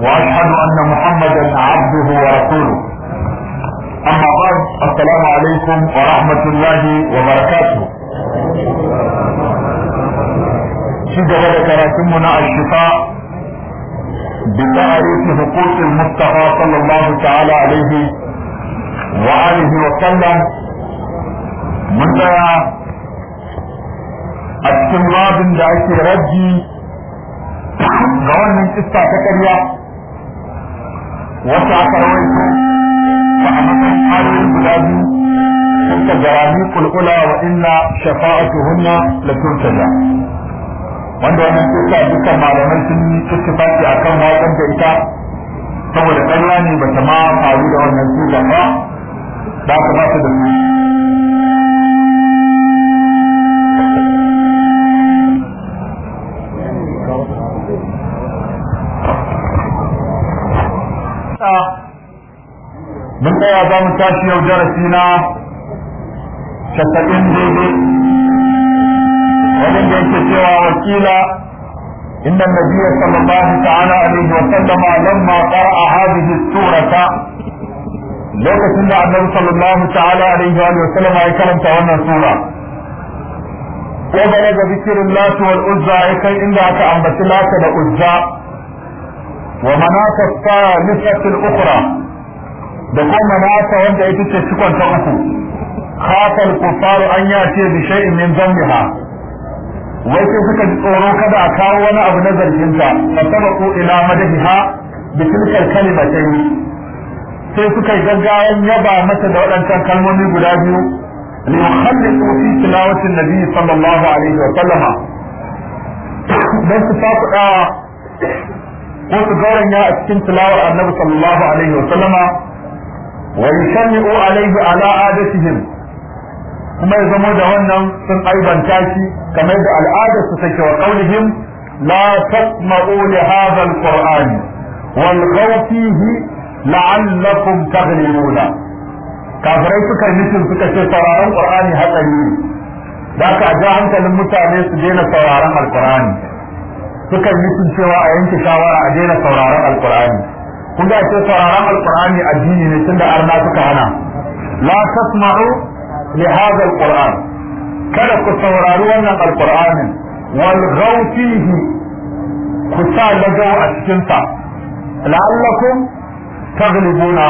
واشهد ان محمدا عبده ورسوله اما بعد السلام عليكم ورحمة الله وبركاته شجرة جبل كراتمنا الشفاء بتعريف حقوق المصطفى صلى الله تعالى عليه وآله وسلم من ترى da ake raji ga wannan wata aka rawaito ba a matsayin ayoyin guda biyu sun ka jarami kulkula wa inna shafa'atuhunna la turtaja wanda wannan sai sa dukkan malamai sun yi ittifaqi akan wajen da ita saboda ƙarya ne bata ma faru da wannan suka ba ba aka ba ta da su من قوى دام تاشي او جرسينا شتاين ديدي ومن جيت سوى وكيلا ان النبي صلى الله تعالى عليه وسلم لما قرأ هذه السورة لو كسنا النبي صلى الله تعالى عليه وسلم اي كلام تعالى سورة وبلغ ذكر الله والعزى اي ان لاك عمت لاك لأجزاء ومناك الثالثة الاخرى da kuma nata wanda ita ce cikon ta uku khafal kufar an ya ce bi shay'in min zambiha wai sai suka ji tsoro kada a kawo wani abu na zargin fa sabaqu ila madahiha bi tilkal kalimatayn sai suka yi gaggawan yaba mata da waɗancan kalmomi guda biyu liyukhallisu fi tilawati nabi sallallahu alaihi wa sallama dan su fakuɗa ko su gauranya a cikin tilawar annabi sallallahu alaihi wa sallama wa yashmi'u alaihi ala adatihim kuma ya zama da wannan sun aibanta shi kamar da al'adar su take wa qaulihim la tasma'u li hadha al-qur'an wal fihi la'allakum taghlibuna kafirai suka nufin suka ce sauraron qur'ani hatsari ne da ka ja hankalin mutane su daina sauraron alqur'ani Sukan nufin cewa a yanke shawara a daina sauraron alqur'ani kun ga ce sauraron alqur'ani addini ne da arna suka hana la tasma'u li hadha alqur'an kada ku saurari wannan alqur'anin wal fihi ku sa lagawa a cikin sa la'allakum taghlibuna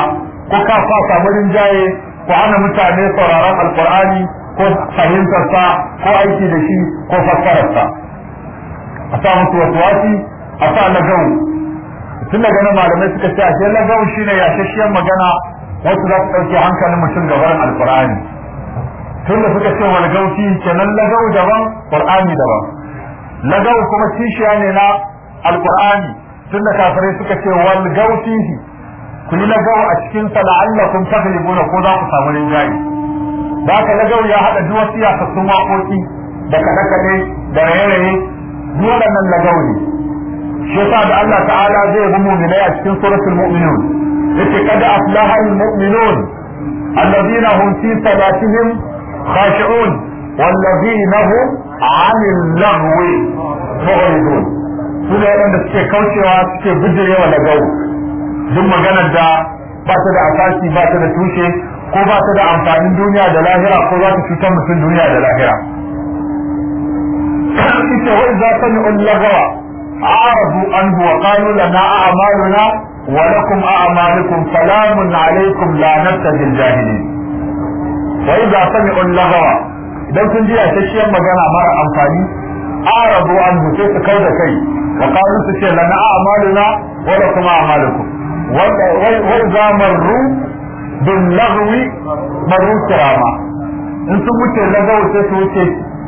ku ka fa samarin jaye ku hana mutane sauraron alqur'ani ko fahimtarsa ko aiki da shi ko fassararsa a sa musu wasu a sa lagawa tun daga nan malamai suka ce ashe lagau shine yashashiyar magana wasu za su ɗauke hankalin mutum ga wurin alkur'ani tun da suka ce walgauti kenan lagau daban Al-ƙur'ani daban lagau kuma kishiya ne na alkur'ani tun da kafirai suka ce walgauti ku yi lagau a cikin sa la'allakum taghlibuna ko za ku samu rinjaye da ka lagau ya haɗa duk wasu yasassun waƙoƙi da kaɗe-kaɗe da raye-raye duk waɗannan lagau ne شيطان الله تعالى زي همومي لا يشكين صورة المؤمنون لكي قد أفلاها المؤمنون الذين هم في صلاتهم خاشعون والذين هم عن اللغو مغرضون سنة يلن تسكي كوشي واسكي بجري ولا جو ثم قالت دا باتا دا أساسي باتا دا توشي كو باتا دا أمتان الدنيا دا لاهرة كو باتا شتم في دا لاهرة إذا سمعوا اللغوة أعرضوا عنه وقالوا لنا أعمالنا ولكم أعمالكم سلام عليكم لا نبتدي الجاهلين وإذا سمعوا اللغو idan sun ji yashashiyar magana mara amfani arabu an sai su kai da kai wa qalu su ce lana a'maluna wa lakum a'malukum wa idza marru bil lagwi marru kirama in sun wuce lagaw sai su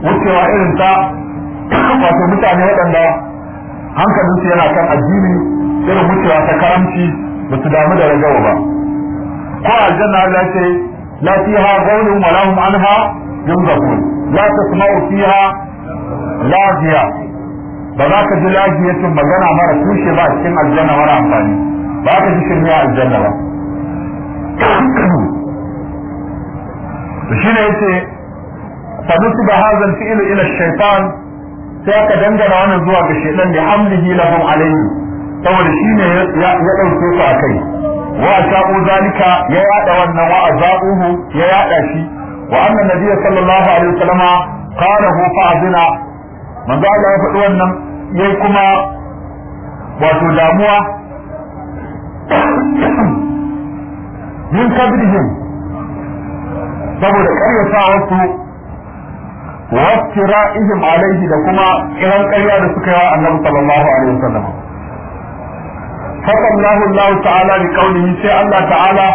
wuce irin ta wato mutane waɗanda hankalin su yana kan addini irin mutuwa ta karamci ba su damu da ragawa ba ko aljanna Allah ce la fiha qawlun wa lahum anha yunzafun la tasma'u fiha lafiya ba za ka ji lafiyacin magana mara tushe ba cikin aljanna mara amfani ba ka ji shirme a aljanna ba shi ne yace fa nusiba hadha al ina ila shaitan. sai aka dangana wannan zuwa ga shaitan da hamdihi lahum alayhi saboda shi ne ya dauke su kai wa sha'u zalika ya yada wannan wa azabuhu ya yada shi wa anna nabiyyi sallallahu alaihi wasallam qala hu fa'zina manzo Allah ya faɗi wannan yayi kuma wato damuwa min kabirihim saboda sa wasu. wastira'ihim alaihi da kuma kiran karya da suka yi wa annabi sallallahu alaihi wasallam fasallahu Allah ta'ala bi qawlihi sai Allah ta'ala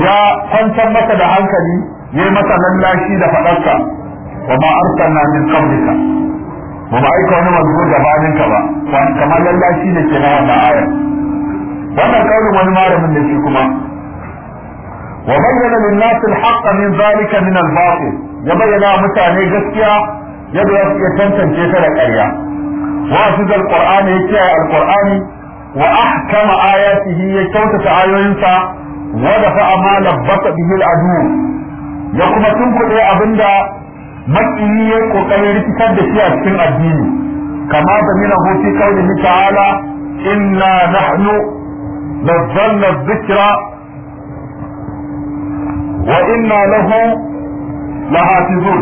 ya kwantar masa da hankali ya yi masa lallashi da fadarsa wa ma arsalna min qablika wa ma aika wani manzo gabaninka ba kamar lallashi da ke na wannan wannan wani malamin da kuma وبين للناس الحق من ذلك من الباطل يبين متاني جسيا يبقى يتنتن كيف الأرياء وأفز القرآن يكيا القرآن وأحكم آياته يكوت آيوينسا ودفع ما لبط به العدو يقوم تنقل إيه أبندا مكيني وقال ركسا بشيء في الدين كما ضمنه في قوله تعالى إنا نحن نزلنا الذكر وإنا له لحافظون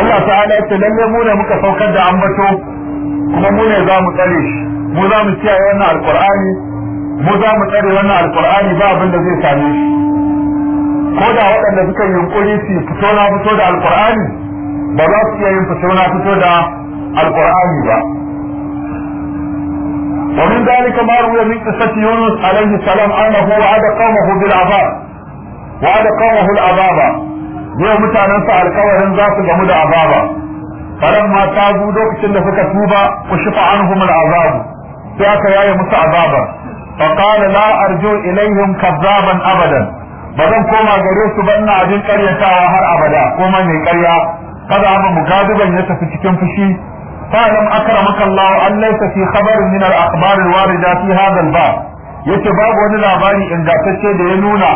الله تعالى يتلم يمونه مكفوكا دا عمته ومونه ذا مقاليش مذا مسيا القرآن مذا مقاري يوانا القرآن باب الذي يتعليش كودا وقا الذي كان ينقلي في فتونا فتودا القرآن بلاتيا ينفتونا فتودا القرآن باب ومن ذلك ما روي من قصة يونس عليه السلام أنه وعد قومه بالعذاب وعد قومه العذاب يوم متعننسى الكوهن ذات جمود عذابا فلما تابوا لوقت اللي فكتوبا وشفى عنهم العذاب فياك يا موسى عذابا فقال لا أرجو إليهم كذابا أبدا بدن كوما جريت بأن عجل كريتا وهر أبدا كوما من كريا قد عم مغاضبا يتفي cikin fushi فاعلم أكرمك الله أن ليس في خبر من الأخبار الواردة في هذا الباب yace babu wani labari ingantacce da ya nuna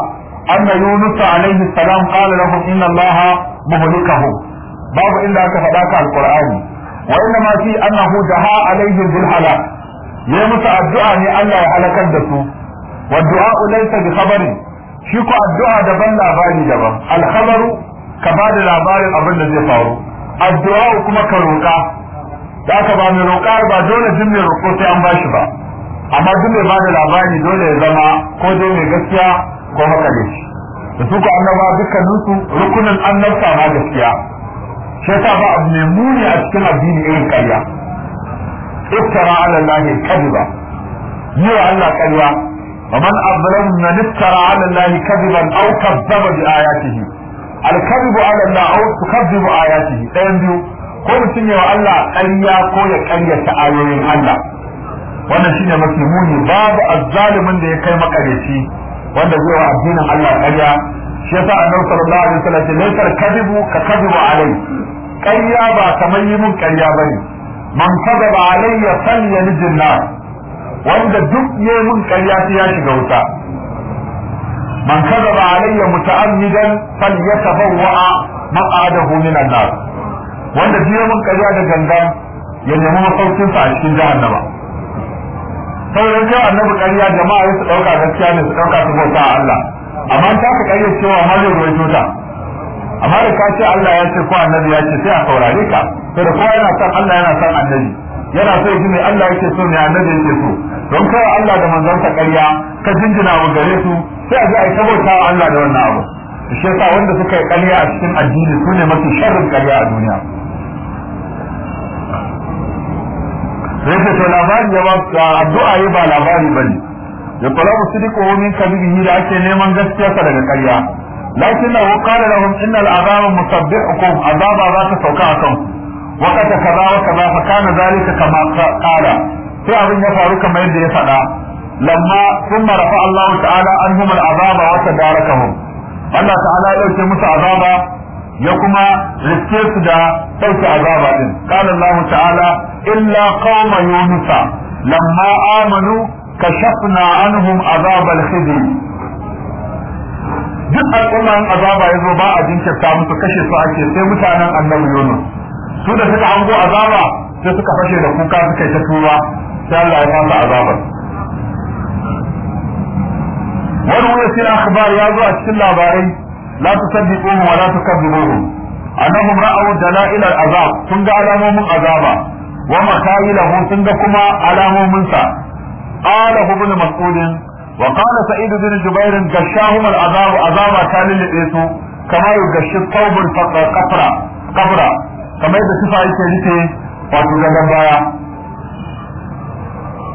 anna yunus alaihi salam qala lahum inna allaha muhlikahu babu inda aka faɗa ka alqur'ani wa inna ana fi annahu daha alaihi bil halak yayi addu'a ne Allah ya halakar da su wa du'a laysa bi khabari shi ko addu'a daban labari daban al khabaru ka bada labarin abin da zai faru Addu'a'u kuma ka roƙa da aka ba mai roƙar ba dole duk mai roƙo sai an bashi ba amma duk mai bada labari dole ya zama ko dai mai gaskiya ko haka ne da su ko annaba dukkanin su rukunin annabta ma gaskiya shi yasa ba abu mai muni a cikin addini irin ƙarya iftara ala lahi kadiba yi wa Allah ƙarya ومن أظلم من افترى على الله كذبا أو كذب بآياته الكذب على الله أو تكذب آياته ɗayan biyu ko mutum yawa Allah ƙarya ko ya ƙaryata ayoyin Allah wannan shine mafi muni babu azzalimin da ya kai makareci wanda zai wa addinin Allah ƙarya shi yasa annabi sallallahu alaihi wasallam ce laysal kadibu ka kadibu alai ƙarya ba kamar yi mun ƙarya bane man kadaba alayya falyanijin wanda duk ne mun ƙarya sai ya shiga wuta man kadaba alayya muta'ammidan falyatabawwa maqadahu minan nar wanda biyo mun karya da ganga ya nemi sa a cikin jahannama Saboda yau annabi karya jama'a ya su ɗauka gaskiya ne su dauka su bauta a Allah amma ta ka karya cewa ma zai ya tota amma da ka ce Allah ya ce ko annabi ya ce sai a saurare ka sai da kowa yana son Allah yana son annabi yana so ji ne Allah yake so ne annabi yake so don kaiwa Allah da manzansa karya ka jinjina wa gare su sai a ji a ta Allah da wannan abu shi yasa wanda suka yi karya a cikin addini su ne mafi sharrin karya a duniya sai ce to labari ya ba addu'a yi ba labari da ya talabu sidiqu wani kadibihi da ake neman gaskiyarsa daga ƙarya lakinna wa qala lahum innal azaba musabbihukum azaba za ta sauka a akan wakata kaza wa kaza fa kana zalika kama qala sai abin ya faru kamar yadda ya faɗa lamma thumma marafa allahu ta'ala anhum al-azaba wa tadarakahum Allah ta'ala ya dauke musu azaba ya kuma riske su da ɗauke azaba din qala Allah ta'ala illa qauma yunus lamma amanu kashafna anhum azab al-khizi duk al'umman azaba zo ba a jinkirta musu kashe su ake sai mutanen annabi yunus su da suka hango azaba sai suka fashe da kuka suka ta tura sai Allah ya fasa azabar wani wani sila akhbar ya zo a cikin labarai la tusaddiquhum wa la tukadzibuhum annahum ra'aw dalail al-azab sun ga alamomin azaba wa makailahu sun ga kuma alamomin sa qala ibn mas'ud wa qala bin jubair gashahum al-azab ta kalil su, kama yugashi thawbul faqra qafra kamar da sifa yake rike wato gaban baya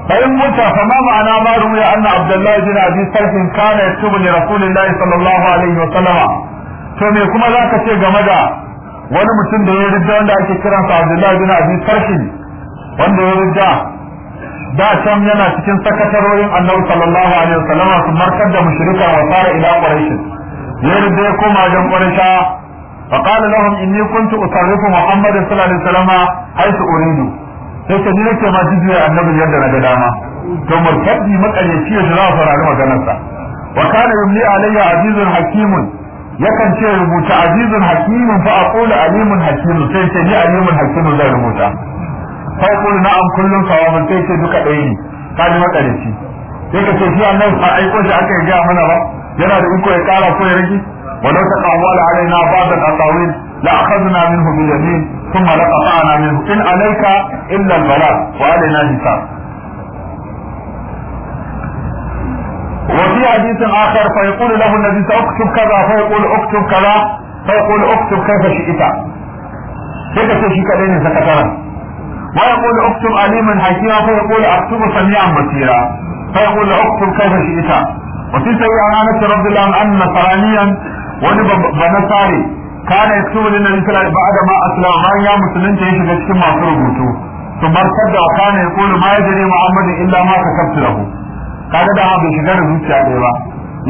فإن مت فما معنى ما روي أن عبد الله بن أبي سلف كان يكتب لرسول الله صلى الله عليه وسلم to me kuma za ka ce game da wani mutum da ya rubuta wanda ake kiransa Abdullahi bin Abi Sarhin wanda ya rubuta? da can yana cikin sakatarorin Annabi sallallahu alaihi wasallam su markar da mushrika wa fara ila Quraysh ya rubuta ya koma jan Quraysh fa qala lahum inni kuntu usarrifu Muhammad sallallahu alaihi wasallam haythu uridu sai ka ne ke ma jijiyar annabin yadda na ga dama to murtaddi makaryaci ya za a farari maganarsa wa kana yumli alayya azizun hakimun yakan ce rubuta azizun hakimun fa aqulu alimun hakimun sai ce ni alimun hakimun zai rubuta fa aqulu na'am kullun sawamun sai ce duka ɗaya ne kaji makaryaci sai ka ce shi annabi ba aiko shi aka yi ga mana ba yana da iko ya kara ko ya rage walau taqawwala alaina ba'da aqawil لأخذنا منه باليمين ثم لقطعنا منه إن عليك إلا البلاغ وعلينا الحساب وفي حديث آخر فيقول له النبي سأكتب كذا فيقول اكتب كذا فيقول اكتب كيف شئت كيف تشيك لين سكترا ويقول اكتب أليما حيثيا فيقول اكتب سميعا بصيرا فيقول اكتب كيف شئت وفي سيئة عن رضي الله عنه نصرانيا wani ba kana yasubu lin nabi sallallahu alaihi ba'da ma aslama bayan ya musulunta ya shiga cikin masu rubutu to da kana yaqulu ma yajri muhammadu illa ma kasabtu lahu kaga da bai shiga da zuciya ɗaya ba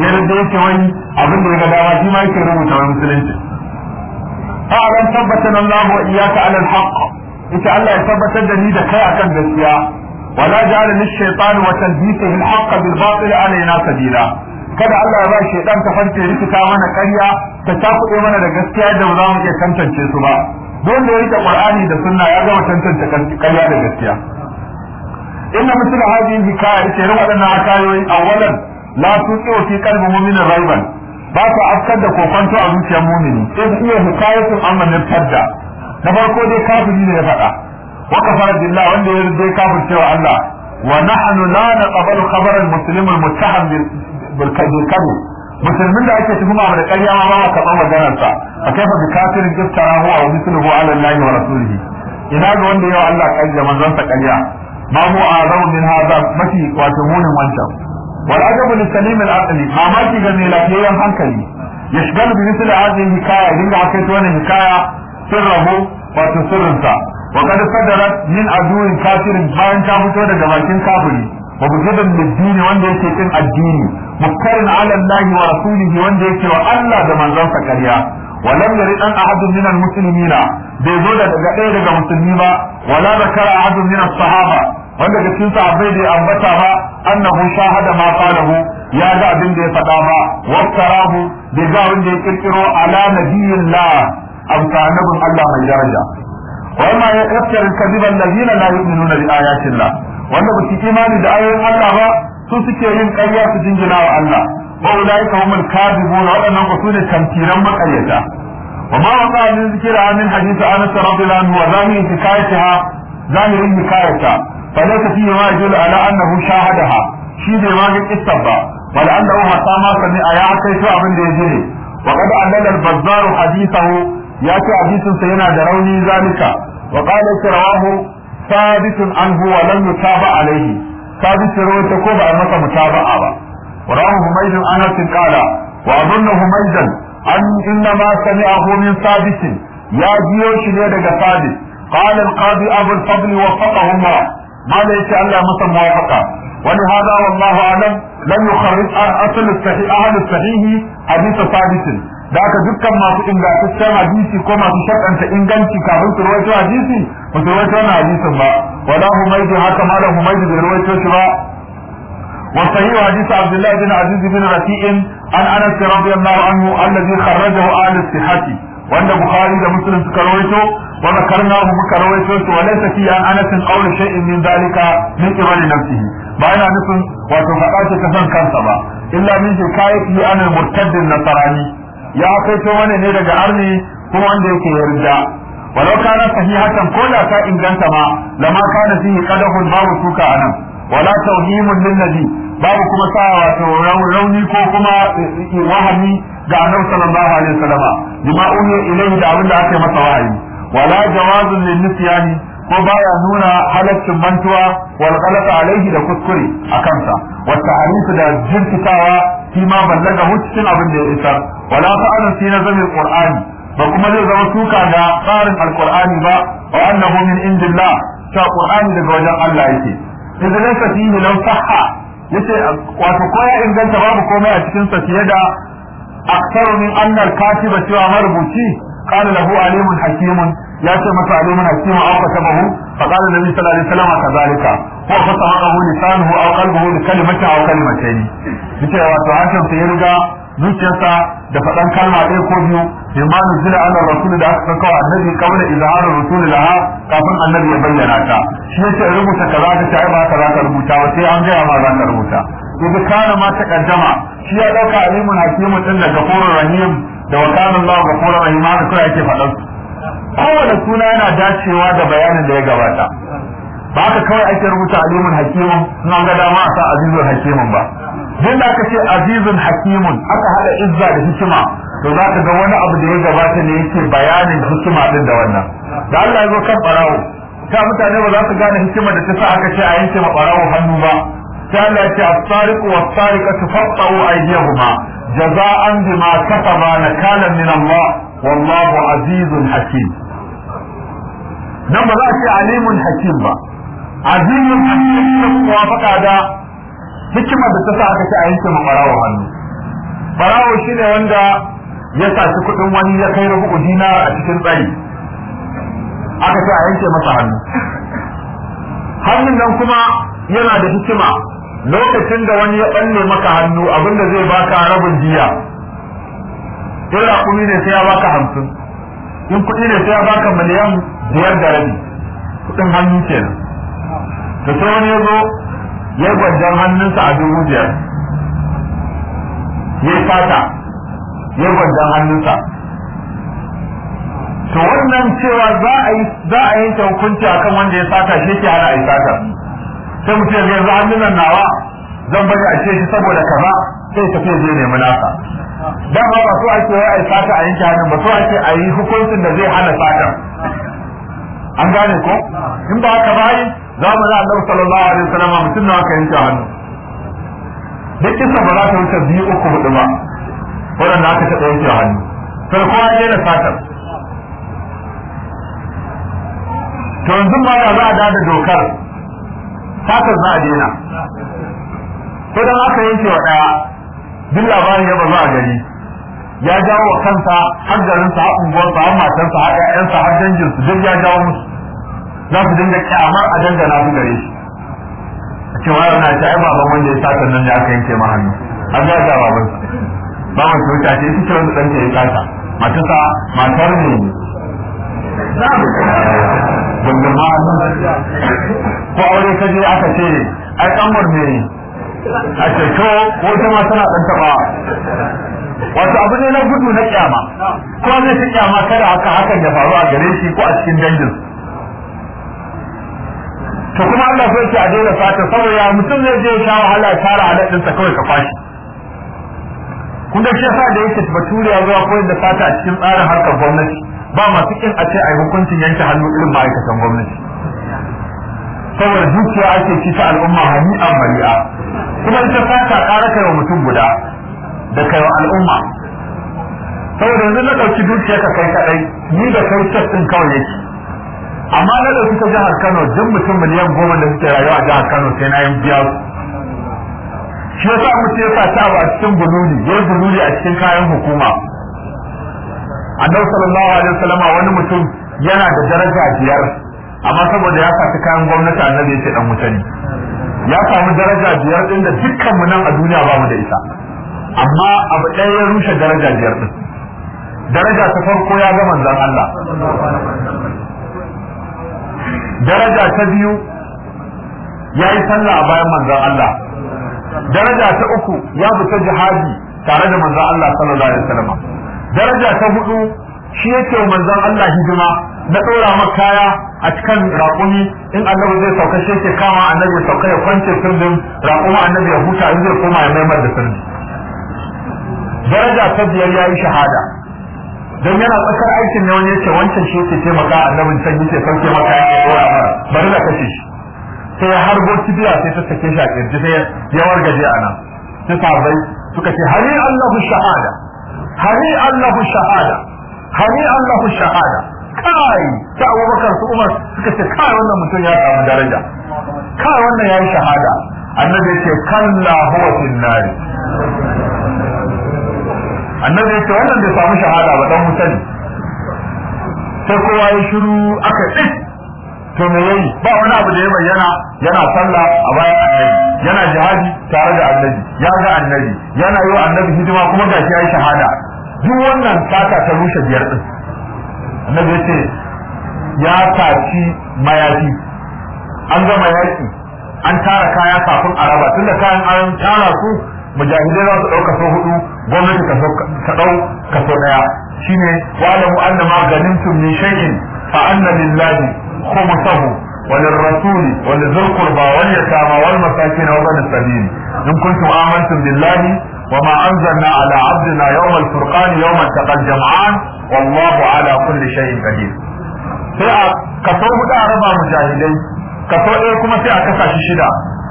ya rage yake wani abin da ya ga dama shi ma yake rubuta wani musulunci fa'alan tabbatan Allah wa al ita Allah ya tabbatar da ni da kai akan gaskiya ولا جعل للشيطان وتلبيسه الحق بالباطل علينا سبيلا kada Allah ya ba shi dan ta farce rikita mana ƙarya ta takuɗe mana da gaskiya da ba za mu iya tantance su ba don da ya Qur'ani da sunna ya gama tantance ƙarya da gaskiya inna mutum hadin hikaya ita irin waɗannan akayoyi awalan la tuqiu fi qalbi mu'minin raiban ba ta afkar da kokonto a zuciyar mu'mini in iya hikayatun amman tadda na farko dai kafiri ne ya faɗa wa kafara billahi wanda ya rike kafir cewa Allah wa nahnu la naqbalu khabaran muslimin muttaham بالكذب musulmin da ake abu da ƙarya ma ba ka ban maganarsa a kai fa bikafirin giftara a wa sulhu ala allahi wa rasulihi ina ga wanda yau Allah ƙarya manzon sa ƙarya ma mu azam min hadha mafi wato munin wancan wal ajabu li salim al aqli mamaki ga mai lafiyayyen hankali yashgal bi mithli hadhihi hikaya dinga akai to wannan hikaya sirrahu wato sirrinsa wa kad sadarat min aduwin kafirin bayan ta fito daga bakin kafiri wa bujudun lid wanda yake kin addini mukkarin ala Allah wa rasulihi wanda yake wa Allah da manzansa ƙarya walam yari dan ahadun min almuslimina bai zo da daga ɗaya daga musulmi ba wala zakara ahadun min sahaba wanda ga cikin sahabbai bai ambata ba annahu shahada ma qalahu ya ga abin da ya faɗa ba waftarahu bai ga wanda ya ƙirƙiro ala nabiyillah amsa annabin Allah mai daraja وما يفتر الكذب الذين لا يؤمنون بآيات الله kimani da ayoyin Allah ba. su suke yin ƙarya su jinjina wa Allah wa ulaika kadi kadibuna waɗannan ku sune tamtiran maƙaryata wa ma waqa min zikra min hadith Anas radhiyallahu anhu wa zahir hikayataha zahirin hikayata fa laysa fihi ma yadul ala annahu shahadaha shi ne ma ga kissar ba wal annahu hasama sami ya kai to abin da ya je ne wa qad adalla al-bazzar ya ce hadisin yana da rauni zalika wa qala rawahu ثابت عنه ولم يتابع عليه ثابت رويت كوبا أمك متابعة وراه حميد أنس قال وأظن حميدا أن إنما سمعه من ثابت يا جيوش ليدك ثابت قال القاضي أبو الفضل وفقه الله ما ليس ألا مسا موافقة ولهذا والله أعلم لم يخرج أهل الصحيح أهل الصحيح حديث ثابت da aka dukkan masu ingantaccen hadisi ko masu shakanta inganci kafin su rawaito hadisi ba su rawaito wani ba wala humaydi haka malam humaydi bai rawaito ba wa sahihu hadisi abdullah bin aziz bin rafi'in an anas radiyallahu anhu alladhi kharrajahu ahli sihhati wanda Buhari da muslim suka rawaito wa zakarna mu muka rawaito shi wa laysa fi an anas qawl shay'in min dalika min qibali nafsihi ba ina nufin wato ka ta kan kansa ba illa min kayyi anil murtaddin nasrani ya kaito wani ne daga arni kuma wanda yake yarda walau kana sahihatan ko da ta inganta ma lama kana fihi qadahun babu suka anan wala tawhimun lil nabi babu kuma sa wato rauni ko kuma eh, eh, wahani ga annabi sallallahu alaihi wasallam bima ilayhi da abin da aka masa wahayi wala jawazun lil nisyani ko baya nuna halaccin mantuwa wal ghalata alaihi da kuskure akan sa wa ta'arifu da jirkitawa fi ma ballaga hu cikin abin da ya isa wala fa'alun fi nazamin qur'ani ba kuma zai zama suka ga tsarin alqur'ani ba wa annahu min indillah ta qur'ani daga wajen Allah yake idan laysa fihi law sahha yace wato ko ya inganta babu komai a cikin sa fiye da aksaru min anna al-katiba cewa marubuci قال lahu عليم حكيم ya ce masa alimin hakimu an fata bahu fa qala nabi sallallahu alaihi wasallam kadhalika kar fa sawaqahu lisanuhu aw qalbuhu bi kalimatin aw kalimatayn yace wato hakan sai ya riga zuciyarsa da faɗan kalma ɗaya ko biyu bima nuzila ala rasul da aka kawo annabi kawai izharar rasul laha kafin annabi ya bayyana ta shi yace rubuta kaza ka ta ba kaza ka rubuta ba sai an gaya ma za ka rubuta yanzu kana ma takaddama shi ya dauka alimun hakimun din da gafurur rahim da wakanan Allah gafurur rahim haka kawai ake faɗan kowane suna yana dacewa da bayanin da ya gabata ba ka kawai ake rubuta alimun hakimun suna ga dama a sa azizun hakimun ba duk da aka ce azizun hakimun aka hada izza da hikima to za ka ga wani abu da ya gabata ne yake bayanin hikima din da wannan da Allah ya zo kan barawo ta mutane ba za su gane hikimar da ta sa aka ce a yanke ma barawo hannu ba sai Allah ya ce as-sariqu was-sariqatu faqta'u aydiyahuma jaza'an bima kasaba nakalan min Allah wallahu azizun hakim nan ba za a ce alimun hakim ba azimin hannun da kuma faɗa da hikimar da ta sa aka ci a yanke ma ɓarawo hannu ɓarawo shi ne wanda ya saci kuɗin wani ya kai rabu dina a cikin tsari aka ce a yanke masa hannu hannun nan kuma yana da hikima lokacin da wani ya ɓalle maka hannu abinda zai baka rabin jiya in raƙumi ne sai ya baka hamsin in kuɗi ne sai ya baka miliyan biyar da rabi kuɗin hannu kenan da ne wani ya zo ya gwajen hannunsa a dubu biyar ya fata ya gwajen hannunsa to wannan cewa za a yi za a yanke hukunci akan wanda ya sata shi ke hana a yi sata sai mutum ya zo hannun nawa zan bari a ce shi saboda kaza sai tafi zai nemi nasa dan ba so ake yi a yi sata a yanke hannun ba so ake a yi hukuncin da zai hana sata an gane ko in ba haka ba Za mu zamanin annabi sallallahu alaihi wasallam mutum na aka yanke hannu duk kisa ba za ta wuce biyu uku hudu ba waɗanda aka taɓa yanke hannu sai kowa ya daina satar to yanzu ma da za a dada dokar satar za a daina ko dan aka yanke wa ɗaya duk labarin ya ba za a gari ya jawo wa kansa har garinsa har unguwarsa har matarsa har ƴaƴansa har danginsu duk ya jawo musu za su dinga kyama a dangana su gare shi a cewa yau na ta ai baban wanda ya sata nan da aka yanke ma hannu an a ga baban baban su wuta ce cikin wanda ɗanke ya sata sa matar ne wanda ma ko aure ka je aka ce ai kanwar ne a ce ko wata ma tana ɗan taɓawa wato abu ne na gudu na kyama ko ne ta kyama kada haka hakan ya faru a gare shi ko a cikin dangin to kuma Allah sai ce a daina fata saboda mutum zai je sha wahala ya tara sa kawai ka fashi kun ga shi yasa da yake bature ya zuwa koyar da sata a cikin tsarin harkar gwamnati ba masu kin a ce ai hukuncin yanke hannu irin ma'aikatan gwamnati saboda dukiya ake ci ta al'umma hani a mari'a kuma ita fata ƙara kai wa mutum guda da kai wa al'umma saboda yanzu na ɗauki dukiya ka kai kaɗai ni da kai tas ɗin kawai yake amma na ɗauki ta jihar Kano duk mutum miliyan goma da suke rayuwa a jihar Kano sai na yi biya shi yasa mutum ya sa a cikin bululi ya bululi a cikin kayan hukuma annabi sallallahu alaihi wasallam wani mutum yana da daraja biyar amma saboda ya sa kayan gwamnati annabi ya ce dan wuta ne ya samu daraja biyar din da dukkan mu nan a duniya ba mu da ita amma abu ɗaya ya rushe daraja biyar din daraja ta farko ya ga manzon Allah daraja ta biyu ya yi sallah a bayan manzon Allah daraja ta uku ya fita jihadi tare da manzon Allah sallallahu alaihi wasallam daraja ta hudu shi yake manzon Allah hijima na ɗora makaya a cikin raƙumi in annabi zai sauka shi yake kama annabi sauka ya kwance sirdin raƙumi annabi ya huta in zai koma ya maimar da sirdi daraja ta biyar ya yi shahada Don yana tsakar aikin ne wani yace wancan shi yake taimaka annabin can yake sauke maka yake dora mara bari da kashe shi sai ya harbo kibiya sai ta sake shi a kirji sai ya wargaje a nan sai sahabbai suka ce hari Allahu shahada hari Allahu shahada hari Allahu shahada kai ta Abubakar su Umar suka ce kai wannan mutum ya samu daraja kai wannan ya yi shahada annabi ya ce kallahu fil nari annabi ya ce wannan bai samu shahada ba dan wuta ne sai kowa ya shiru aka tsit to me yayi ba wani abu da ya bayyana yana sallah a bayan annabi yana jihadi tare da annabi ya ga annabi yana yi wa annabi hidima kuma gashi ya yi shahada duk wannan sata ta rushe biyar din annabi ya ce ya saci mayafi an gama yaki an tara kaya kafin a raba tunda kayan an tara su mujahidai za su ɗauka kaso hudu gwamnati ta ɗau kaso ɗaya shine wa'alamu anna ma ganintum min shay'in fa anna lillahi khumsahu wa lirrasuli wa lidhil qurba wal yatama wal masakin wa ibn sabil in kuntum amantum billahi wa ma anzalna ala abdina yawm al-furqan yawm taqal jam'an wallahu ala kulli shay'in qadir sai a kaso hudu a raba mujahidai kaso ɗaya kuma sai a kasa shi shida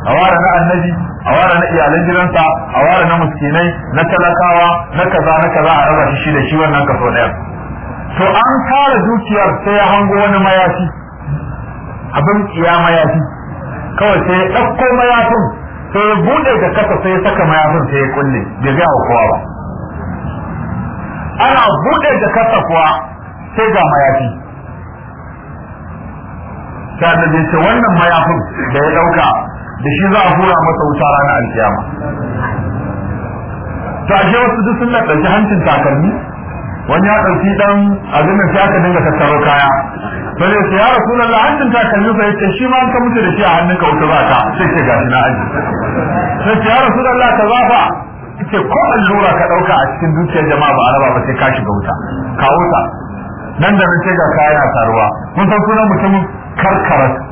a ware na annabi a ware na iyalan gidansa a ware na muskinai na talakawa na kaza na kaza a raba shi da shi wannan kaso ɗaya to an tara dukiyar sai ya hango wani mayafi abin iya mayafi kawai sai ya ɗauko mayafin sai ya buɗe da kasa sai ya saka mayafin sai ya kulle bai gaya wa kowa ba ana buɗe da kasa kuwa sai ga mayafi sai da ce wannan mayafin da ya ɗauka da shi za a hura masa wuta rana alkiyama to ashe wasu duk sun ɗauki hancin takalmi wani ya ɗauki ɗan azumin da aka dinga tattaro kaya ba ne ya da hancin takalmi ba yake shi ma an ka mutu da shi a hannun ka wuta za ka sai ke gashi na aji sai da rasulullah ka zafa ke ko allura ka ɗauka a cikin dukiyar jama'a ba araba ba sai ka shiga wuta Ka wuta. nan da nan ce ga kaya taruwa mun san sunan mutumin karkaras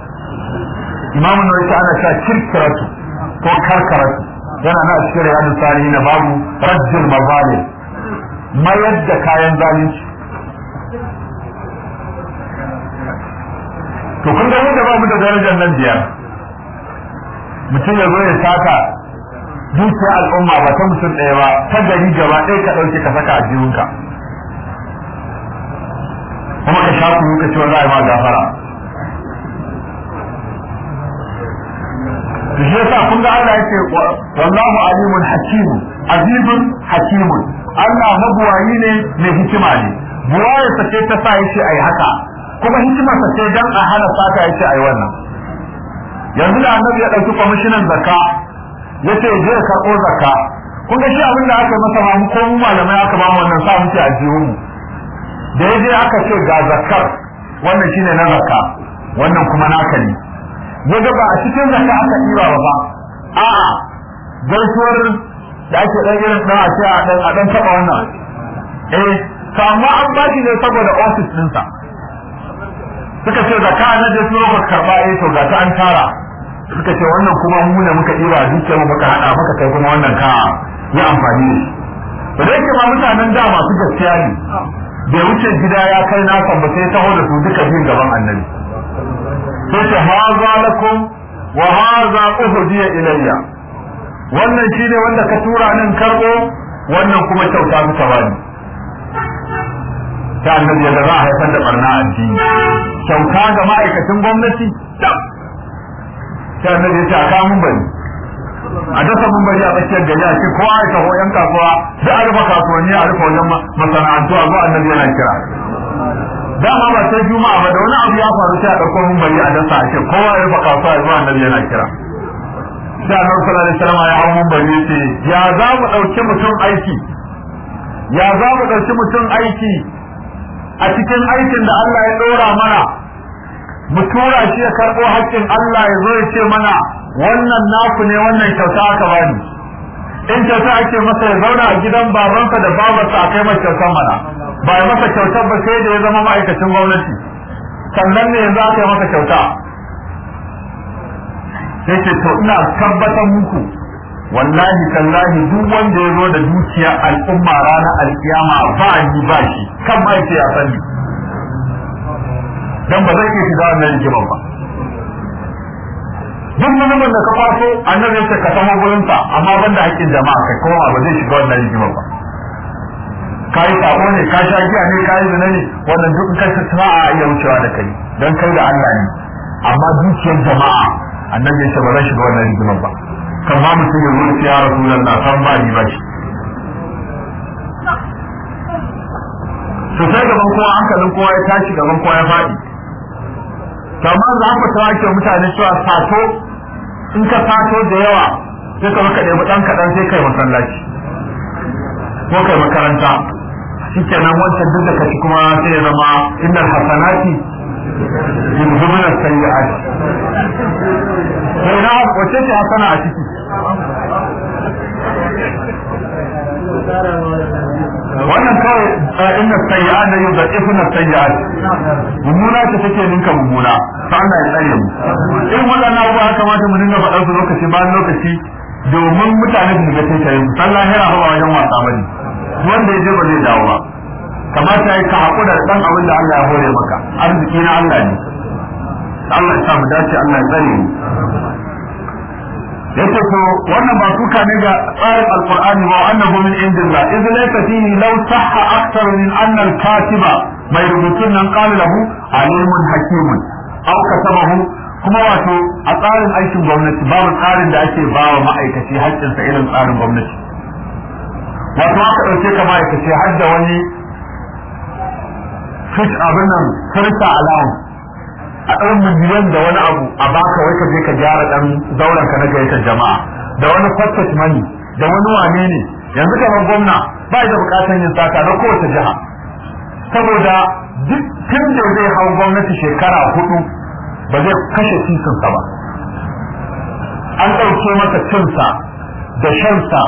Imamun nawawi ta ana cewa kirkiratu ko karkaratu yana na cikin riyadu salihi na babu rajul mazalim mayar da kayan zalunci to kun ga da babu da darajar nan biyar mutum ya zo ya saka dukiyar al'umma ba ta mutum ɗaya ba ta gari gaba ɗaya ka ɗauke ka saka a jininka kuma ka sha kunu ka ce wallahi ma gafara shi yasa kun ga Allah yake wallahu alimun hakim azizun hakim Allah mabuwayi ne mai hikima ne buwaye sace ta sa yace ayi haka kuma hikimar sace ce dan a hana sata yace ai wannan yanzu da annabi ya dauki kwamishinan zakka yace je karbo zakka kun ga shi abin da aka masa ma mu ko mu malamai aka ba mu wannan sa muke a mu. da yaje aka ce ga zakkar wannan shine na zakka wannan kuma naka ne yaga ba a cikin zaka aka ɗiba ba a'a gaisuwar da ake ɗan irin na a ce a ɗan a taɓa wannan eh to amma an ba shi ne saboda ofis ɗinsa suka ce zaka na da su ba karɓa eh to ga ta an tara suka ce wannan kuma mu ne muka ɗiba a zuciya mu muka haɗa muka kai kuma wannan ka yi amfani ne da dai ma mutanen da masu gaskiya ne bai wuce gida ya kai nasa ba sai taho da su duka biyun gaban annabi sai ta haza lakum wa haza uhdiya ilayya wannan shine wanda ka tura nan karbo wannan kuma kyauta muka bani ta annabi da za a haifar da barna addini kyauta ga ma'aikacin gwamnati ta annabi ya ce a kamun bari a dasa mun bari a tsakiyar gari a ce ko a aika yan kasuwa da a rufe kasuwanni a rufa wajen masana'antu a zuwa annabi yana kira dama ba ta juma'a ba da wani abu ya faru sai a ɗauko mun bari a dasa a ce kowa ya rufe kasuwa ya zuwa nan yana kira sai annabi sallallahu alaihi wasallam ya hau mun bari yace ya za mu ɗauki mutum aiki ya za mu ɗauki mutum aiki a cikin aikin da Allah ya ɗora mana mu tura shi ya karɓo haƙƙin Allah ya zo ya ce mana wannan naku ne wannan kyauta aka bani in kyauta ake masa ya zauna a gidan babansa da babarsa a kai masa kyauta mana ba ya masa kyautar ba sai da ya zama ma'aikacin gwamnati sannan ne yanzu aka yi masa kyauta yake to ina tabbatar muku wallahi tallahi duk wanda ya zo da dukiya al'umma rana, alkiyama ba ni ba shi kan ya sani dan ba zai ke shiga wannan rigiman ba duk mutumin da ka kwaso annabi ya ka samu gurinsa amma banda hakkin jama'a kai kowa ba zai shiga wannan rigiman ba ka yi sako ne ka sha giya ne ka yi zina ne wannan duk kai sa a iya wucewa da kai dan kai da Allah ne amma dukiyar jama'a annabi ya ce ba zan shiga wannan rigimar ba kan ma mutum ya zo ya rasulullah san ba ni ba shi to sai gaban kowa kallon kowa ya tashi gaban kowa ya faɗi kama za ku ke mutane cewa sato in ka sato da yawa sai ka maka ɗaya ɗan kaɗan sai kai masallaci ko kai makaranta shike nan wancan duk da kashi kuma sai ya zama innal hasanati yuzmuna sayyi'at sai na wace ce hasana a ciki wannan kawai eh, inna sayyi'at da yuzda ifna sayyi'at mummuna ta take ninka mummuna ta Allah ya tsare mu in wannan abubuwa kamata mu dinga faɗar su lokaci bayan lokaci domin mutane su ga sai ta yi sallah yana ba wajen wasa bane wanda ya je ba zai dawo ba kamata ya ka hakura da dan abin da Allah ya hore maka arziki na Allah ne Allah ya samu dace Allah ya tsare ni yace ko wannan ba suka ne ga tsarin alqur'ani ba annahu min indillah idh laysa fihi law sahha akthar min anna al-katiba mai rubutun nan qala lahu alimun hakimun aw katabahu kuma wato a tsarin aikin gwamnati babu tsarin da ake bawa ma'aikaci haƙƙinsa irin tsarin gwamnati wato aka ɗauke ka ma'aikaci har da wani fish abin nan firsa alam a ɗan miliyan da wani abu a baka wai ka je ka gyara ɗan zauren ka na gayyatar jama'a da wani pocket mani da wani wane ne yanzu kamar gwamna ba da bukatar yin sata na kowace jiha saboda duk tun da zai hau gwamnati shekara hudu ba zai kashe titinsa ba an ɗauke masa cinsa da shansa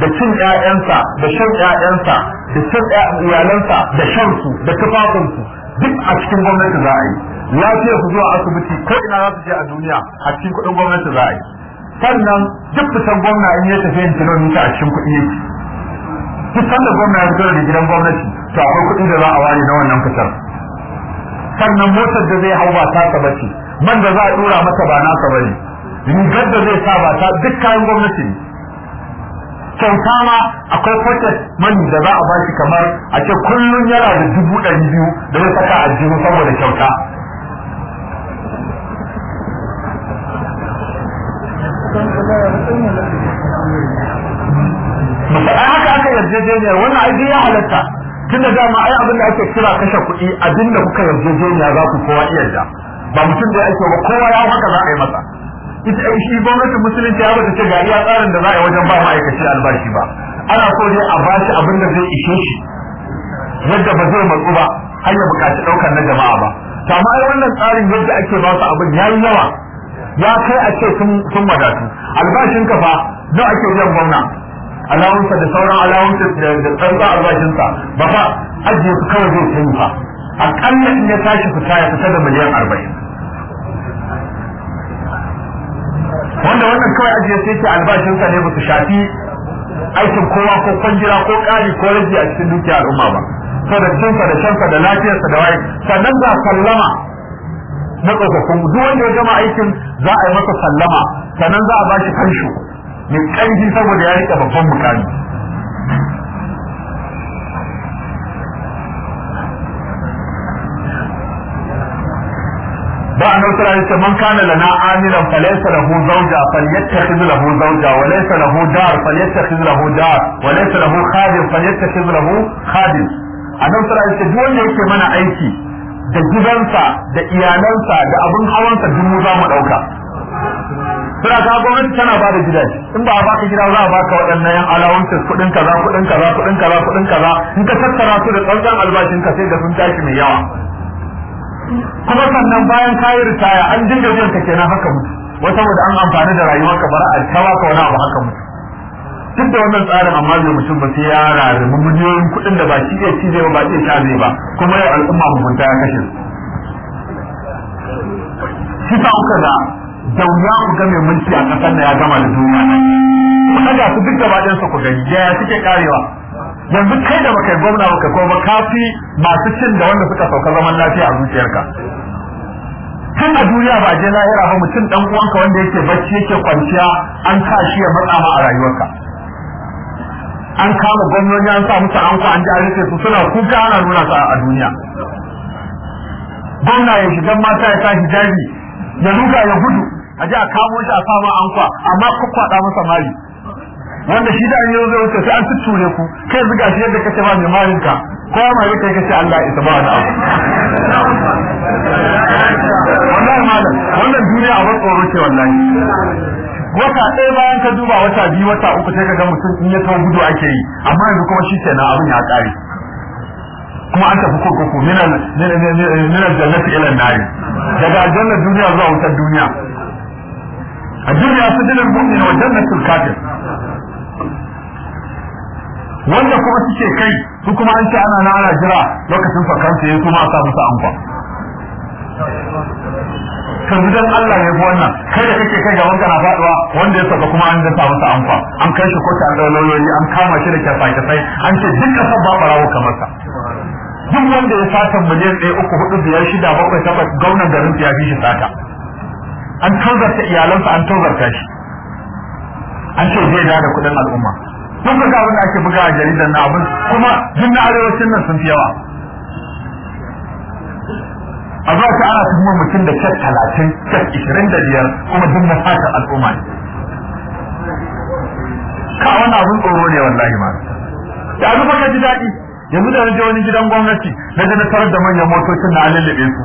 da cin 'ya'yansa da shan 'ya'yansa da cin eh, iyalansa da shansu da tufafinsu duk a cikin gwamnati za a yi su zuwa asibiti ko ina za su je a duniya a cikin kuɗin gwamnati za a yi sannan duk fitan gwamna in ya tafi yin a cikin kuɗi yake duk sanda gwamna ya da gidan gwamnati to akwai kuɗi da za a ware na wannan fitar sannan motar da zai hau ba ta bace man da za a dora masa ba nasa bane rigar da zai sa ba ta duk kayan gwamnati ne kyauta ma akwai pocket mani da za a ba shi kamar a ce kullum yana da dubu ɗari biyu da zai saka a jihu saboda kyauta ai haka aka yarjejeniyar wannan aiki ya halatta tun da dama ai abin da ake kira kashe kuɗi abin da kuka yarjejeniya za ku kowa iya ba mutum da ake ba kowa ya haka za a yi masa ita shi gwamnatin musulunci ya bata ce ga iya tsarin da za a yi wajen ba ma'aikaci albashi ba ana so ne a bashi abin da zai ishe shi yadda ba zai matsu ba har ya buƙaci ɗaukar na jama'a ba to amma ai wannan tsarin yadda ake ba su abin yayi yawa ya kai a ce sun wadatu albashin ka fa ake wajen gwamna alawunsa da sauran alawunsa da tsantsa albashinsa ba fa ajiye su kawai zai taimaka A in ya tashi fita ya fita da miliyan arba'in wanda wannan kawai ajiye sai ce albashinsa ne ba su shafi aikin kowa ko kwangira ko ƙari ko rage a cikin dukiya al'umma ba so da cinsa da shansa da lafiyarsa da waye sannan a sallama na tsofaffin duk wanda ya gama aikin za a yi masa sallama sannan za a ba shi kansho mai ƙarfi saboda ya riƙe babban mukami da annabi sallallahu alaihi wasallam kana lana amilan falaysa lahu zawja falyattakhiz lahu zawja wa laysa lahu dar falyattakhiz lahu dar wa laysa lahu khadim falyattakhiz lahu khadim annabi sallallahu alaihi wasallam wanda yake mana aiki da gidansa da iyalansa da abun hawansa duk mu za mu dauka suna ka gwamnati tana ba da gidaje in ba a baka gida za a baka waɗannan yan alawancin kuɗin kaza kuɗin kaza kuɗin kaza kuɗin kaza in ka tattara su da tsantsan albashin ka sai da sun tashi mai yawa kuma sannan bayan kayi ritaya an dinga biyan ka kenan haka mutu wata wanda an amfani da rayuwar ka bara a tawa ka wani abu haka mutu duk da wannan tsarin amma zai mutum ba sai ya rarrabu miliyoyin kuɗin da ba shi ya ci zai ba zai sha zai ba kuma yau al'umma mugunta ya kashe su shi ta uka da dauya ku ga mai mulki a ƙasar da ya gama da duniya kuma ga su duk gaba ku gani ya suke karewa yanzu kai da baka gwamna baka ko ba kafi masu cin da wanda suka sauka zaman lafiya a zuciyarka tun a duniya ba je lahira ba mutum dan uwanka wanda yake bacci yake kwanciya an kashi shi ya matsa ma a rayuwarka an kama gwamnoni an sa musu an an ji an rike su suna kuka ana nuna su a duniya gwamna ya shiga mata ya sa hijabi ya ruga ya gudu a ji a kamo shi a sama an kwa amma kwakwada masa mali wanda shi da an yi zai wuce sai an tutture ku kai zuga shi yadda kace ba mai marin ka ko ma yi kai kace Allah ya taba wani abu malam wannan duniya a wata tsoro ce wallahi wata ɗaya bayan ka duba wata biyu wata uku sai ka ga mutum in ya tawo gudu ake yi amma yanzu kuma shi kenan abin ya ƙare kuma an tafi kurkuku minan minan jannati ila nari daga aljannar duniya zuwa wutar duniya a duniya su dilin bukini wa na kafir wanda kuma suke kai su kuma an ce ana nana jira lokacin fakansa ya kuma sa musu amfa sanzu dan Allah ya fi wannan kai da kake kai ga wanda na faduwa wanda ya saka kuma an sa musu amfa an kai shi kotu an lauyoyi an kama shi da kyafakafai an ce duk kasar ba barawo kamar sa duk wanda ya sata miliyan ɗaya uku hudu biyar shida bakwai takwas gwamnan garin ya fi shi sata an tozarta iyalansa an tozarta shi an ce zai da kudin al'umma kun ga abin da ake buga a jaridar na abin kuma duk arewacin nan sun fi yawa a zuwa ta ana kuma mutum da cek talatin cek ishirin da biyar kuma duk na fata al'umma ne ka wani abin tsoro ne wallahi ma Ya abin ka ji daɗi yanzu da rage wani gidan gwamnati na ga na tarar da manyan motocin na alilibe su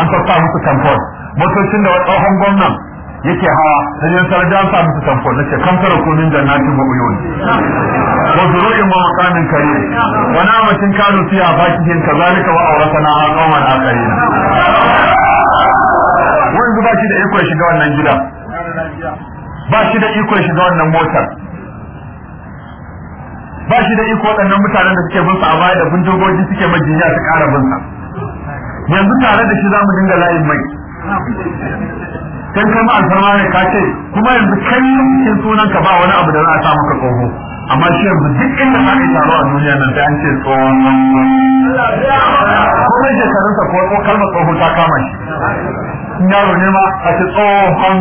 an sassa musu kamfon motocin da tsohon gwamnan yake hawa da ne sarja an samu tamfol nake kamfara kunin jannati mu'uyun wa zuru'in mawqanin karim wa na'matin kanu fiha fakihin kazalika wa awratana qauman akharin wanda ba shi da iko shiga wannan gida ba shi da iko shiga wannan motar ba shi da iko waɗannan mutanen da suke bin sa a baya da bindigogi suke majiya su ƙara bin sa yanzu tare da shi za mu dinga layin mai sai kai alfarma ne ka ce kuma yanzu kai cikin sunan ka ba wani abu da za a sa maka kogo amma shi yanzu duk inda za ka taro a duniya nan sai an ce tsohon ko mai shekarunsa ko ko kalmar tsoho ta kama shi yaro ne ma a ce tsohon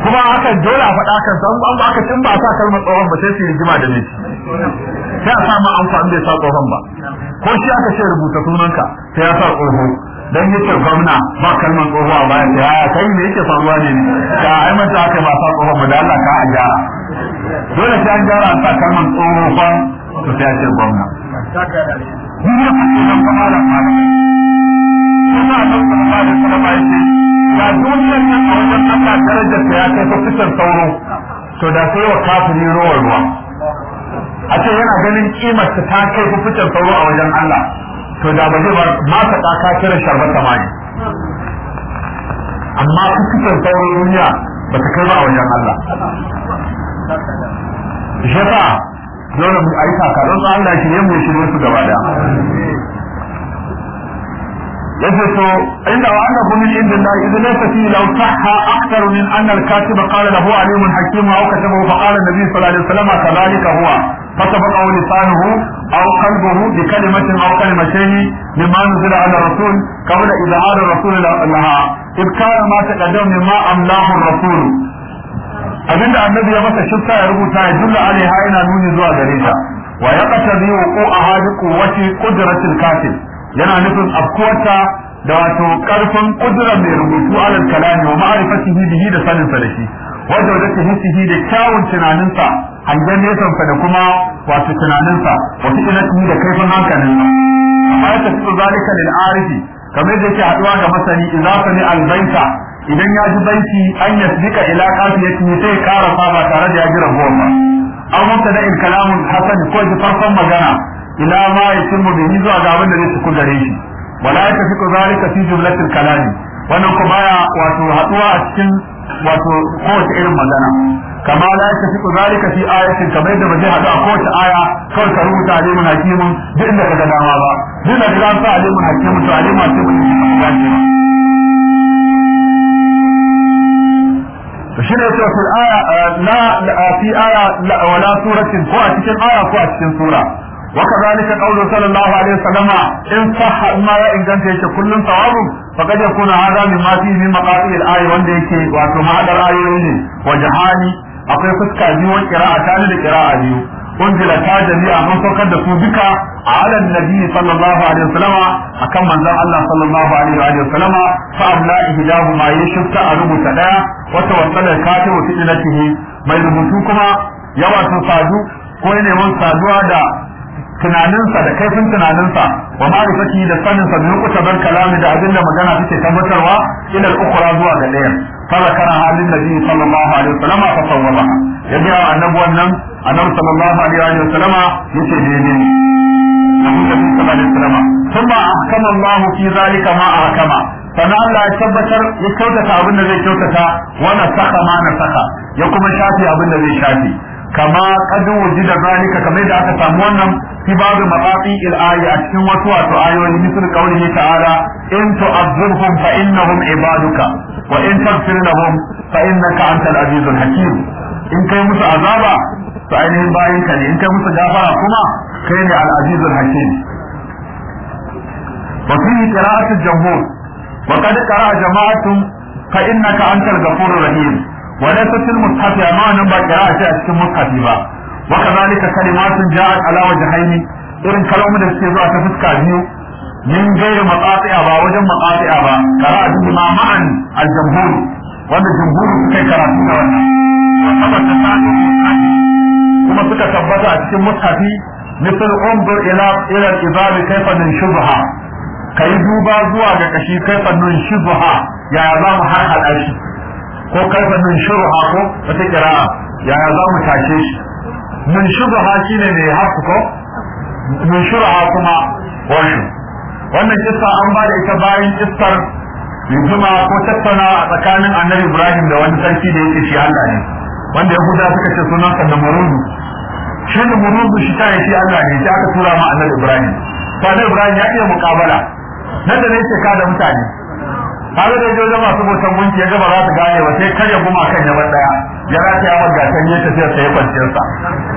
kuma haka dole a faɗa kan san ba aka tun ba sa kalmar tsohon ba sai su yi jima da ne sai a sa ma amfani bai sa tsohon ba ko shi aka ce rubuta sunanka sai ya sa tsoho dan yake gwamna ba kalman tsoho a bayan ta ya kai me yake faruwa ne ka ai manta aka ba sa tsoho da Allah ka a gyara dole sai an gyara an sa kalmar tsoho fa to sai ce gwamna ni ne kuma nan ba ala ma ne kuma nan ba ba da kuma ba yake da duniyar nan a wajen Allah darajar ta ya kai ta fitar sauro to da sai wa kafiri ruwa ruwa a ce yana ganin kimar ta kai ku fitar sauro a wajen Allah to da ba zai ba ma ka da ka kira sharbar tamani amma ku cikin sauran duniya ba ta kai ba wajen Allah shafa dole mu aika ka don Allah shi ne mu shirye su gaba daya yace so inda wa annahu min indillah idh laysa fi law sahha akthar min anna al-katib qala lahu alimun hakim wa kataba fa qala an-nabi sallallahu alaihi wasallam kadhalika huwa فسبق أو لسانه أو قلبه بكلمة أو كلمتين مما نزل على الرسول قبل إذعان الرسول لها إذ كان ما تقدم مما أملاه الرسول أجل النبي يمسك شفتا يربطها يدل عليها إلى نون زوى دريتا ويقتضي وقوعها بقوة قدرة الكاتب yana nufin afkuwarta da wato karfin kudurar mai rubutu alal kalami wa ma'arifatihi bihi da saninsa da shi wajen da ta da kyawun tunaninsa hangen nesansa da kuma wato tunaninsa wasu ilatihi da kaifan hankalin amma ya tafi zalika lil arifi kamar da yake haduwa ga masani idza sami al baita idan ya ji baiti an yasbika ila qafiyatihi sai kara fa ba tare da ya ji rabuwa ba an wata da kalamun hasan ko ji farkon magana ila ma yatimmu bihi zuwa ga abin da zai tuku gare shi wala ya tafi zalika fi jumlatil kalami wannan kuma ya wato haduwa a cikin wato kowace irin magana kama la yasfiku zalika fi ayatin kamar da bazai hada ko ta aya kawai ka rubuta alimun hakimun duk inda kaga dama ba duk da ka sa alimun hakimun to alimun hakimun ne ba to shine yace fil aya ko a cikin aya ko a cikin sura وكذلك قوله صلى الله عليه وسلم إن صح ما إن كان يشي كل صواب فقد يكون هذا مما فيه من مقاصد الآية وندي واتو ما هذا الآية وجهاني akwai fuska biyu wa a tare da a biyu unzila ta jami'a mun saukar da su duka a alan nabi sallallahu alaihi wasallam akan manzon Allah sallallahu alaihi sallam fa amla ihdahu ma yashta a rubuta daya wa tawassala katibu wa ilatihi mai rubutu kuma yawa sun sadu ko ne mun saduwa da tunaninsa da kaifin tunaninsa wa ma'rifati da saninsa bi kuta bar kalami da abinda magana take tabbatarwa ila al-ukhra zuwa ga فذكرها للنبي صلى الله عليه وسلم فصورها يبيع النبوة النم النبي صلى الله عليه وسلم يتدين النبي صلى الله عليه وسلم ثم أحكم الله في ذلك ما أحكم فما الله يتبتر يكوتك أبن ذي كوتك ونسخ ما نسخ يقوم شافي أبن ذي شافي kama kadu wujida zalika kamar da aka samu wannan fi babu maqati il ayi a cikin wasu wato ayoyi misal qawlihi ta'ala in tu'azzirhum fa innahum ibaduka wa in taghfir lahum fa innaka antal in kai musu azaba to ainihin bayin ka ne in kai musu gafara kuma kai ne al وليس في المصحف ما نبا قراءة أشكي المصحف با وكذلك كلمات جاءت على وجهين إذن كلام من السيرة تفسك من غير مقاطع با وجن مقاطع با قراءة ما معا الجمهور wanda jumhur suka karatu da kuma suka tabbata a cikin mutafi misal umdur ila ila izab kayfa min shubha kai duba zuwa ga kashi kayfa min shubha ya za mu har hada shi ko kaifa min shubha ko wata kira'a yaya za mu tashe shi min shubha shine mai haku ko min shubha kuma wani wannan kissa an ba da ita bayan kissar rigima ko tattauna a tsakanin annabi ibrahim da wani sarki da yake shi Allah ne wanda ya yahuda suka ce sunan sa namurudu shi murudu shi ta shi Allah ne shi aka tura ma annabi ibrahim to ibrahim ya iya mukabala. nan da ne ka da mutane kaga da jojo masu bautan gunki ya gaba za su gane ba sai karya guma kan ya bar daya ya rata ya bar gatan ya tafi sai ya kwanciyar sa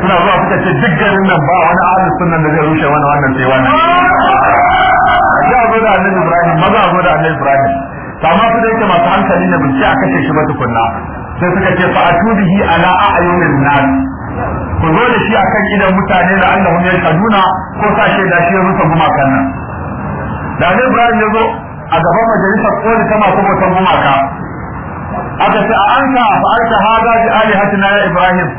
suna zuwa suka ce duk garin nan ba wani ahlus sunnan da zai rushe wani wannan sai wannan ya zo da annabi Ibrahim maza zo da annabi Ibrahim ma su da yake masu hankali ne bincike a kashe shi ba tukunna sai suka ce fa a atubihi ala ayunin nas ku zo da shi a kan idan mutane da Allahun ya kaduna ko sa shi da shi ya rusa gumakan nan da Ibrahim ya zo a gaban majalisar kori ta masu san gumaka aka ce a an ka fa'alta hada bi na ya ibrahim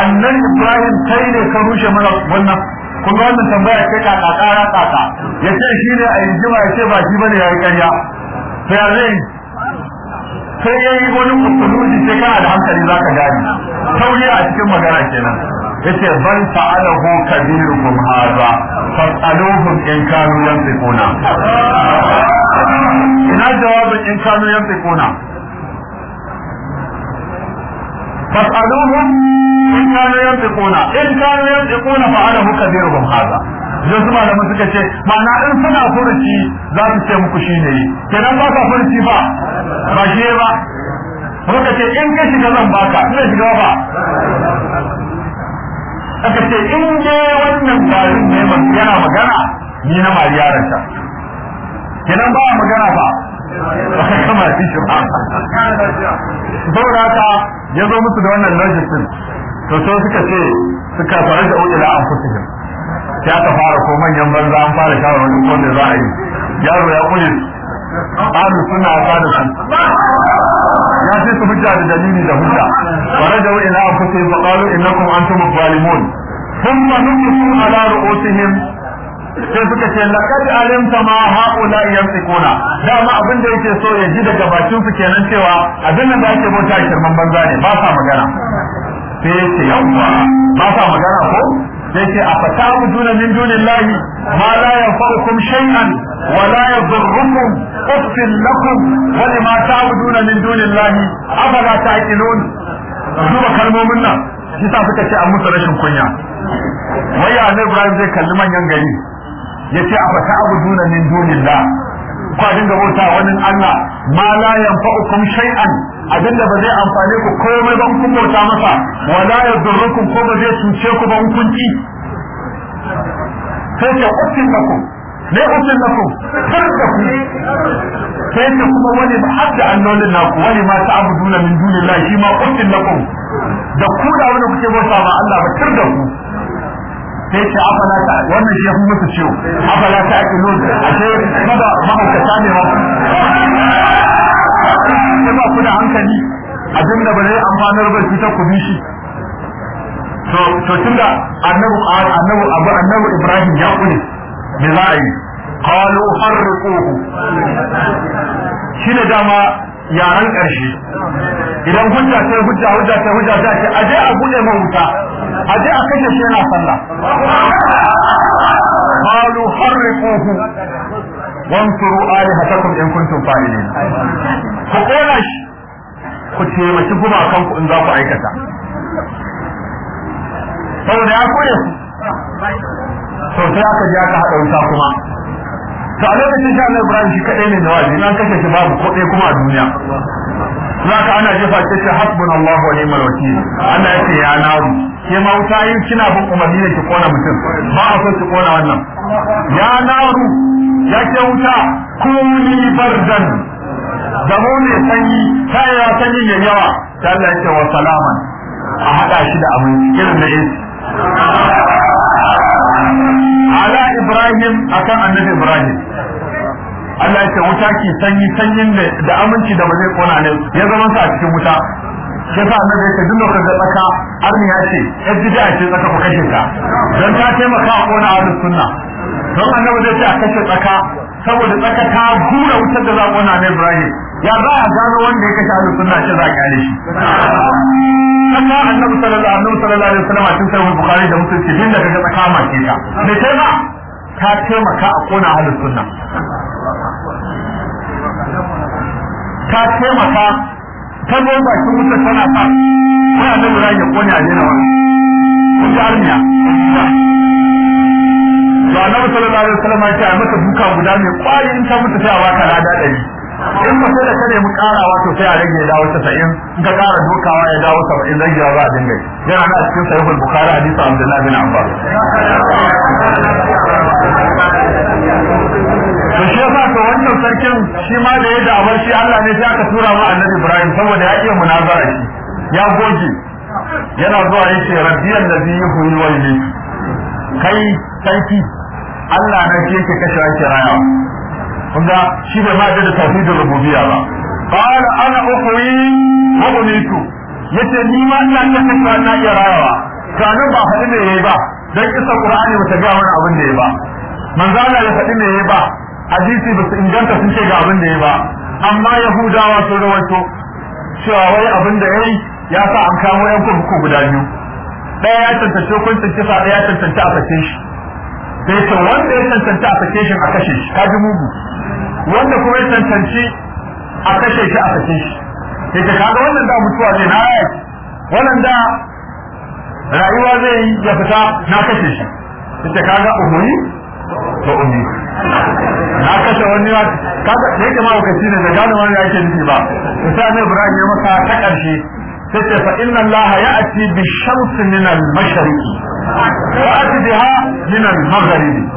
annan ibrahim kai ne ka rushe mana wannan kun wannan tambaya kai ka ya kaka ya ce shi ne a yanjima ya ce ba shi bane ya yi ƙarya. sai ya zai sai ya yi wani kusuluji sai kana da hankali za ka gani tauri a cikin magana kenan yace bal fa'alahu kabirukum hadha fas'aluhum in kanu yanfiquna ina jawabin in kanu yanfiquna fas'aluhum in kanu yanfiquna in kanu yanfiquna fa'alahu kabirukum hadha zai su malamin suka ce ma'ana in suna furuci za su ce muku shine yi kenan ba ka furuci ba ba shi ba muka ce in ka shiga zan baka in shiga ba aka ce in dai wannan barin ne ba yana magana ni na mari yaron ta kenan ba magana ba ba kama shi shi ba ba ta ya zo musu da wannan logic to sai suka ce suka fara da ujira an fusuhin ya ta fara ko manyan banza an fara shawarar wani ko za a yi yaro ya kulle ahlu sunna ba da su ya ce su hujja da dalili da hujja farajau ila anfusihim fa qalu innakum antum zalimun sai suka ce laqad alimta ma haula yantiquna dama abin da yake so ya ji daga bakin su kenan cewa abin da ake bauta shirman banza ne ba sa magana sai ya ce yawwa ba sa magana ko sai ce a fatahu duna min dunin dunillahi ma la yanfa'ukum shay'an wa la yadhurrukum uffin lakum wa lima ta'buduna min dunin dunillahi afala ta'qilun duba kalmomin nan shi sa suka ce an musu rashin kunya wai ya ne Ibrahim zai kalli manyan gari yace a fata'buduna min dunin dunillahi kwa dinga bauta wani Allah ma la yanfa'ukum shay'an abin da ba zai amfane ku komai ba kun bauta masa wala yadurrukum ko ba zai cuce ku ba kun ci sai ta uffin lakum ne uffin lakum kar da ku sai ta kuma wani ba hadda annolin ku, wani ma ta abuduna min dunillahi shi ma uffin lakum da ku da wani kuke bauta ma Allah ba kar da ku sai ce afala wannan shi ya fi mutu ciwo afala ta ake nuna a ce mahaukata ne ba sai ba ku da hankali da ba zai amfanar ba shi ta ku bi shi to to tunda annabu annabu abu annabu ibrahim ya kuni, me za a yi qalu harriquhu shine dama yaran ƙarshe idan hujja sai hujja hujja sai hujja sai ce aje a bude mai wuta aje a kashe shi na sallah qalu harriquhu wansuru alihatakum in kuntum fa'ilin ku kona shi ku taimaki kuma ku in za ku aikata saboda ya koya su to sai aka ji aka haɗa wuta kuma to a lokacin sha Allah Ibrahim shi kadai ne jawabi Na kashe shi babu ko ɗaya kuma a duniya zaka ana jefa ce shi hasbun Allah wa ni'mal wakil ana ya ce ya naru ke ma wuta yin kina bin umarni ne ki kona mutum ba a so ki kona wannan ya naru ya ke wuta ni bardan mu ne sanyi ya sanyi ya yawa Allah ya ce wa salaman a haɗa shi da abin irin da yake ala ibrahim akan annabi ibrahim Allah ya ce wuta ki sanyi sanyin da aminci da ba zai kona ne ya zama sa a cikin wuta shi sa annabi yake duk lokacin da tsaka arni ya ce Ya ji da ce tsaka ko kashin ka dan ta taimaka a kona sunna don annabi zai ce a kashe tsaka saboda tsaka ta gura wutar da za na na Ibrahim ya za a gano wanda ya kashe ahlu sunna ce za a kyale shi sannan annabi sallallahu alaihi sallallahu alaihi wasallam a cikin sahih bukhari da muslim cikin da kaga tsaka ma ke ta bai kai ba ta taimaka a kona ahlu sunna ta taimaka ta zo bakin wutar tana fa wani annabi ya kone a daina wani kun ga armiya to annabi sallallahu alaihi wasallam ya ce a maka duka guda mai kwari in ta mutu sai a na lada dari in ba sai da ka nemi karawa to sai a rage ya dawo 90 in ka kara dukawa ya dawo 70 zai ba a dinga yana na cikin sahihul bukhari hadisi abdullahi bin abbas to shi yasa to wannan sarkin shi ma da yadda abar shi Allah ne sai aka tura ma annabi Ibrahim saboda ya iya munazara shi ya goge yana zuwa yace rabbiyan nabi yuhi wa kai sarki Allah na ke yake kashe ake raya kunga shi bai ma da da rububiyya ba qala ana uhyi wa umitu yace ni ma ina iya kashe na iya rayawa kanin ba faɗi me yayi ba dan kisa qur'ani ta ga wani abin da yayi ba manzala ya faɗi me yayi ba hadisi ba su inganta sun ce ga abin da yayi ba amma yahudawa sun rawaito cewa wai abin da yayi ya sa an kamo yan kurkuku guda biyu ɗaya ya tantance hukuncin kisa ɗaya ya tantance a sace shi sai ce wanda ya tantance a sake shi a kashe shi kaji mugu wanda kuma ya tantance a kashe shi a sake shi sai ce kaga wannan da mutuwa zai na yaya wannan da rayuwa zai yi ya fita na kashe shi sai ce kaga umuri to umuri na kashe wani ya kaga ne kamar lokaci ne da gane wani ake nufi ba sai ne Ibrahim ya maka ta karshe sai فإن الله يأتي بالشمس من المشرق ويأتي بها من المغرب